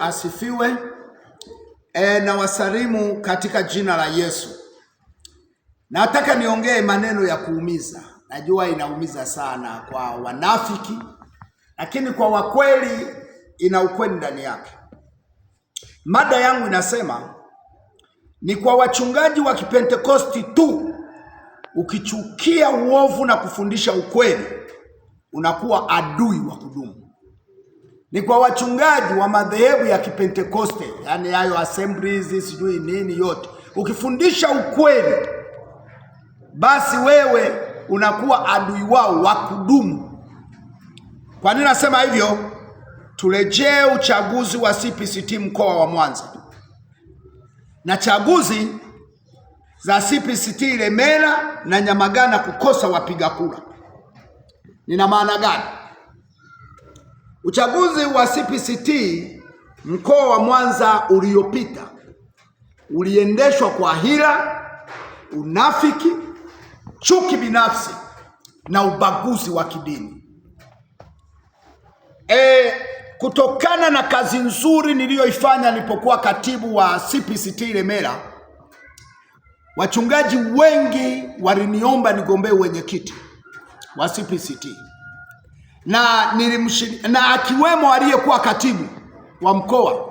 Asifiwe. E, na wasalimu katika jina la Yesu. Nataka niongee maneno ya kuumiza. Najua inaumiza sana kwa wanafiki, lakini kwa wakweli ina ukweli ndani yake. Mada yangu inasema ni kwa wachungaji wa Kipentekosti tu, ukichukia uovu na kufundisha ukweli unakuwa adui wa kudumu ni kwa wachungaji wa madhehebu ya Kipentekoste, yaani hayo assemblies sijui nini yote. Ukifundisha ukweli, basi wewe unakuwa adui wao wa kudumu. Kwa nini nasema hivyo? Turejee uchaguzi wa CPCT mkoa wa Mwanza na chaguzi za CPCT Ilemela na Nyamagana kukosa wapiga kura, nina maana gani? Uchaguzi wa CPCT mkoa wa Mwanza uliopita uliendeshwa kwa hila, unafiki, chuki binafsi na ubaguzi wa kidini. E, kutokana na kazi nzuri niliyoifanya nilipokuwa katibu wa CPCT Ilemela, wachungaji wengi waliniomba nigombee wenyekiti wa CPCT na nilimshini, na akiwemo aliyekuwa katibu wa mkoa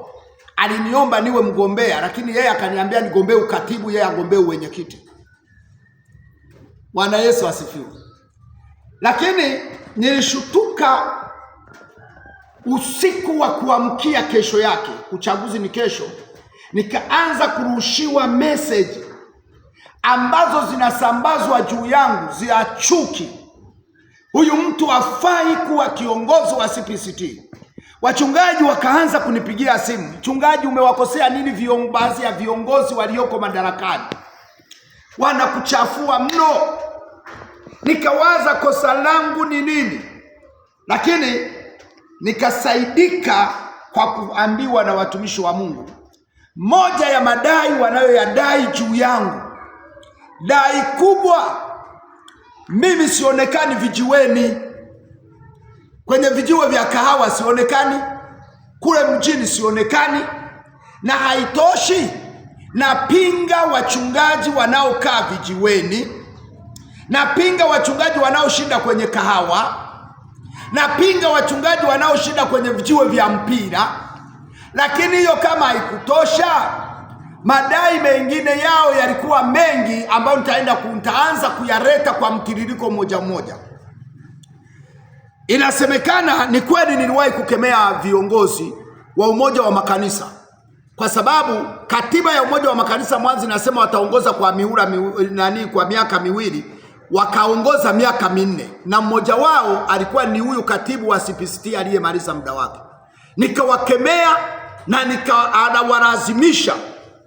aliniomba niwe mgombea, lakini yeye akaniambia nigombee ukatibu, yeye agombee uwenyekiti. Bwana Yesu asifiwe. Lakini nilishutuka usiku wa kuamkia kesho yake, uchaguzi ni kesho, nikaanza kurushiwa meseji ambazo zinasambazwa juu yangu za chuki huyu mtu hafai kuwa kiongozi wa CPCT. Wachungaji wakaanza kunipigia simu, mchungaji, umewakosea nini baadhi ya viongozi walioko madarakani? Wanakuchafua mno. Nikawaza kosa langu ni nini, lakini nikasaidika kwa kuambiwa na watumishi wa Mungu, moja ya madai wanayoyadai juu yangu, dai kubwa mimi sionekani vijiweni, kwenye vijiwe vya kahawa sionekani, kule mjini sionekani, na haitoshi napinga wachungaji wanaokaa vijiweni, napinga wachungaji wanaoshinda kwenye kahawa, napinga wachungaji wanaoshinda kwenye vijiwe vya mpira. Lakini hiyo kama haikutosha madai mengine yao yalikuwa mengi ambayo nitaenda nitaanza kuyareta kwa mtiririko mmoja mmoja. Inasemekana ni kweli, niliwahi kukemea viongozi wa umoja wa makanisa kwa sababu katiba ya umoja wa makanisa mwanzo inasema wataongoza kwa miura mi, nani kwa miaka miwili, wakaongoza miaka minne, na mmoja wao alikuwa ni huyu katibu wa CPCT aliyemaliza muda wake. Nikawakemea na nikawalazimisha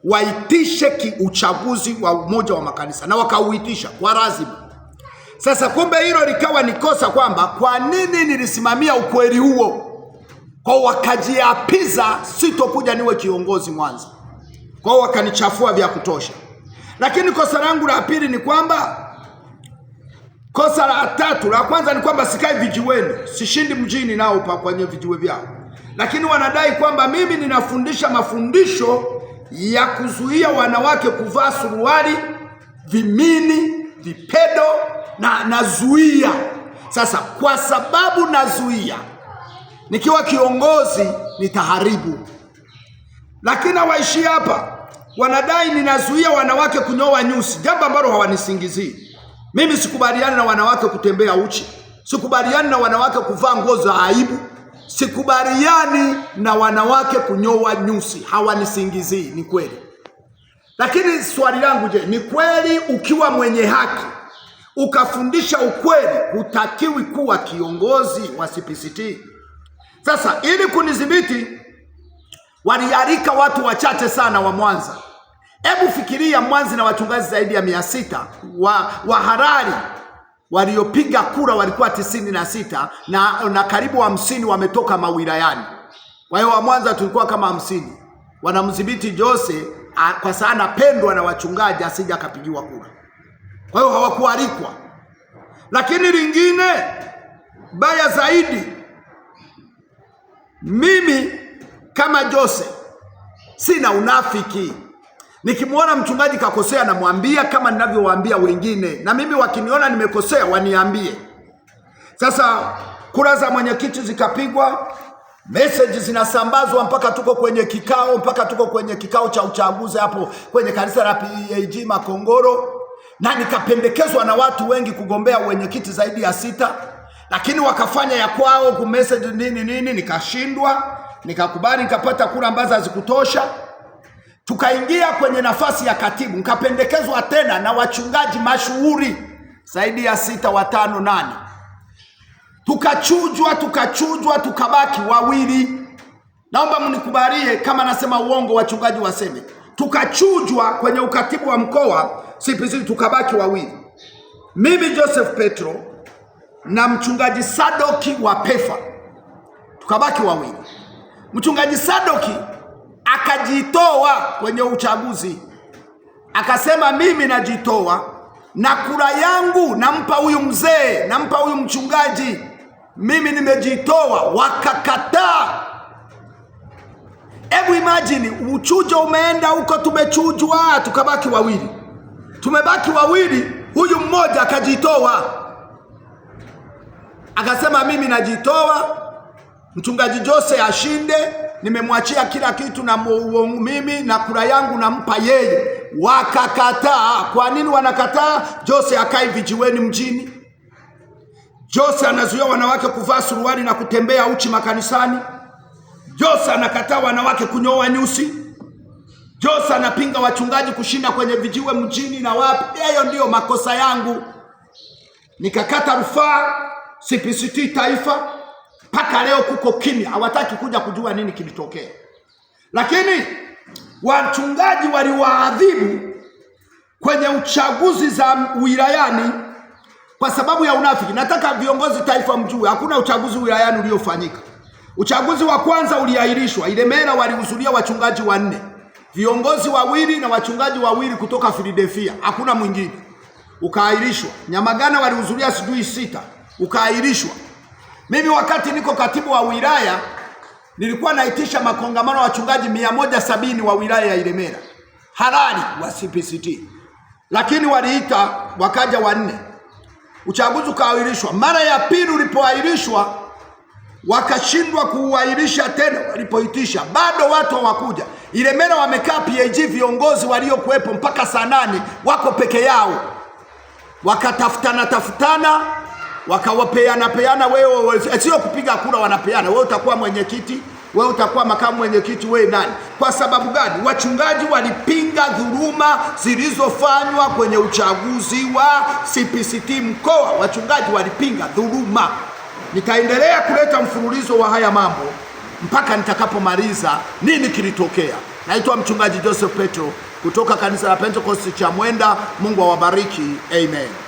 waitishe kiuchaguzi wa umoja wa makanisa na wakauitisha kwa lazima. Sasa kumbe hilo likawa ni kosa, kwamba kwa nini nilisimamia ukweli huo, kwa wakajiapiza sitokuja niwe kiongozi Mwanza, kwao wakanichafua vya kutosha. Lakini kosa langu la pili ni kwamba kosa la tatu la kwanza ni kwamba sikai vijiweni, sishindi mjini nao pa kwenye vijiwe vyao, lakini wanadai kwamba mimi ninafundisha mafundisho ya kuzuia wanawake kuvaa suruali, vimini, vipedo na nazuia. Sasa kwa sababu nazuia, nikiwa kiongozi nitaharibu. Lakini hawaishi hapa, wanadai ninazuia wanawake kunyoa nyusi, jambo ambalo hawanisingizii mimi. Sikubaliani na wanawake kutembea uchi, sikubaliani na wanawake kuvaa nguo za aibu sikubaliani na wanawake kunyoa nyusi, hawanisingizii, ni kweli. Lakini swali langu, je, ni kweli ukiwa mwenye haki ukafundisha ukweli hutakiwi kuwa kiongozi wa CPCT? Sasa ili kunidhibiti walialika watu wachache sana wa Mwanza. Hebu fikiria Mwanza na wachungaji zaidi ya mia sita wa, wa harari waliopiga kura walikuwa tisini na sita na, na karibu hamsini wa wametoka mawilayani. Kwa hiyo wa Mwanza tulikuwa kama hamsini wanamdhibiti Jose a, kwa sababu anapendwa na wachungaji asija akapigiwa kura. Kwa hiyo hawakualikwa. Lakini lingine baya zaidi, mimi kama Jose sina unafiki Nikimwona mchungaji kakosea, namwambia kama ninavyowaambia wengine, na mimi wakiniona nimekosea waniambie. Sasa kura za mwenyekiti zikapigwa, message zinasambazwa mpaka tuko kwenye kikao, mpaka tuko kwenye kikao cha uchaguzi hapo kwenye kanisa la PAG e Makongoro, na nikapendekezwa na watu wengi kugombea wenyekiti zaidi ya sita, lakini wakafanya ya kwao message nini nini, nikashindwa, nikakubali, nikapata kura ambazo hazikutosha tukaingia kwenye nafasi ya katibu, nkapendekezwa tena na wachungaji mashuhuri zaidi ya sita, watano, nane. Tukachujwa, tukachujwa, tukabaki wawili. Naomba mnikubalie kama nasema uongo, wachungaji waseme. Tukachujwa kwenye ukatibu wa mkoa CPC, tukabaki wawili, mimi Joseph Petro na mchungaji Sadoki wa Pefa, tukabaki wawili. Mchungaji Sadoki akajitoa kwenye uchaguzi, akasema mimi najitoa na kura yangu nampa huyu mzee, nampa huyu mchungaji, mimi nimejitoa. Wakakataa. Hebu imajini, uchujo umeenda huko, tumechujwa tukabaki wawili, tumebaki wawili, huyu mmoja akajitoa akasema mimi najitoa, mchungaji Jose ashinde nimemwachia kila kitu na mimi na kura yangu nampa yeye. Wakakataa. Kwa nini wanakataa? Jose akai vijiweni mjini, Jose anazuia wanawake kuvaa suruali na kutembea uchi makanisani, Jose anakataa wanawake kunyoa nyusi, Jose anapinga wachungaji kushinda kwenye vijiwe mjini na wapi. Hayo ndiyo makosa yangu, nikakata rufaa CPCT Taifa mpaka leo kuko kimya, hawataki kuja kujua nini kilitokea. Lakini wachungaji waliwaadhibu kwenye uchaguzi za wilayani kwa sababu ya unafiki. Nataka viongozi taifa mjue, hakuna uchaguzi wilayani uliofanyika. Uchaguzi wa kwanza uliahirishwa. Ilemela walihudhuria wachungaji wanne, viongozi wawili na wachungaji wawili kutoka Filadelfia, hakuna mwingine, ukaahirishwa. Nyamagana walihudhuria sijui sita, ukaahirishwa. Mimi wakati niko katibu wa wilaya nilikuwa naitisha makongamano ya wachungaji mia moja sabini wa wilaya ya Ilemela halali wa CPCT, lakini waliita wakaja wanne, uchaguzi ukaahirishwa. Mara ya pili ulipoahirishwa, wakashindwa kuuahirisha tena, walipoitisha bado watu hawakuja. Ilemela wamekaa PAG, viongozi waliokuwepo mpaka saa nane wako peke yao, wakatafutana tafutana wakawapeana peana, wewe eh, sio kupiga kura, wanapeana wewe, utakuwa mwenyekiti, wewe utakuwa makamu mwenyekiti, wewe nani? Kwa sababu gani? Wachungaji walipinga dhuluma zilizofanywa kwenye uchaguzi wa CPCT mkoa. Wachungaji walipinga dhuluma. Nitaendelea kuleta mfululizo wa haya mambo mpaka nitakapomaliza nini kilitokea. Naitwa mchungaji Joseph Petro kutoka kanisa la Pentecost cha Mwenda. Mungu awabariki, amen.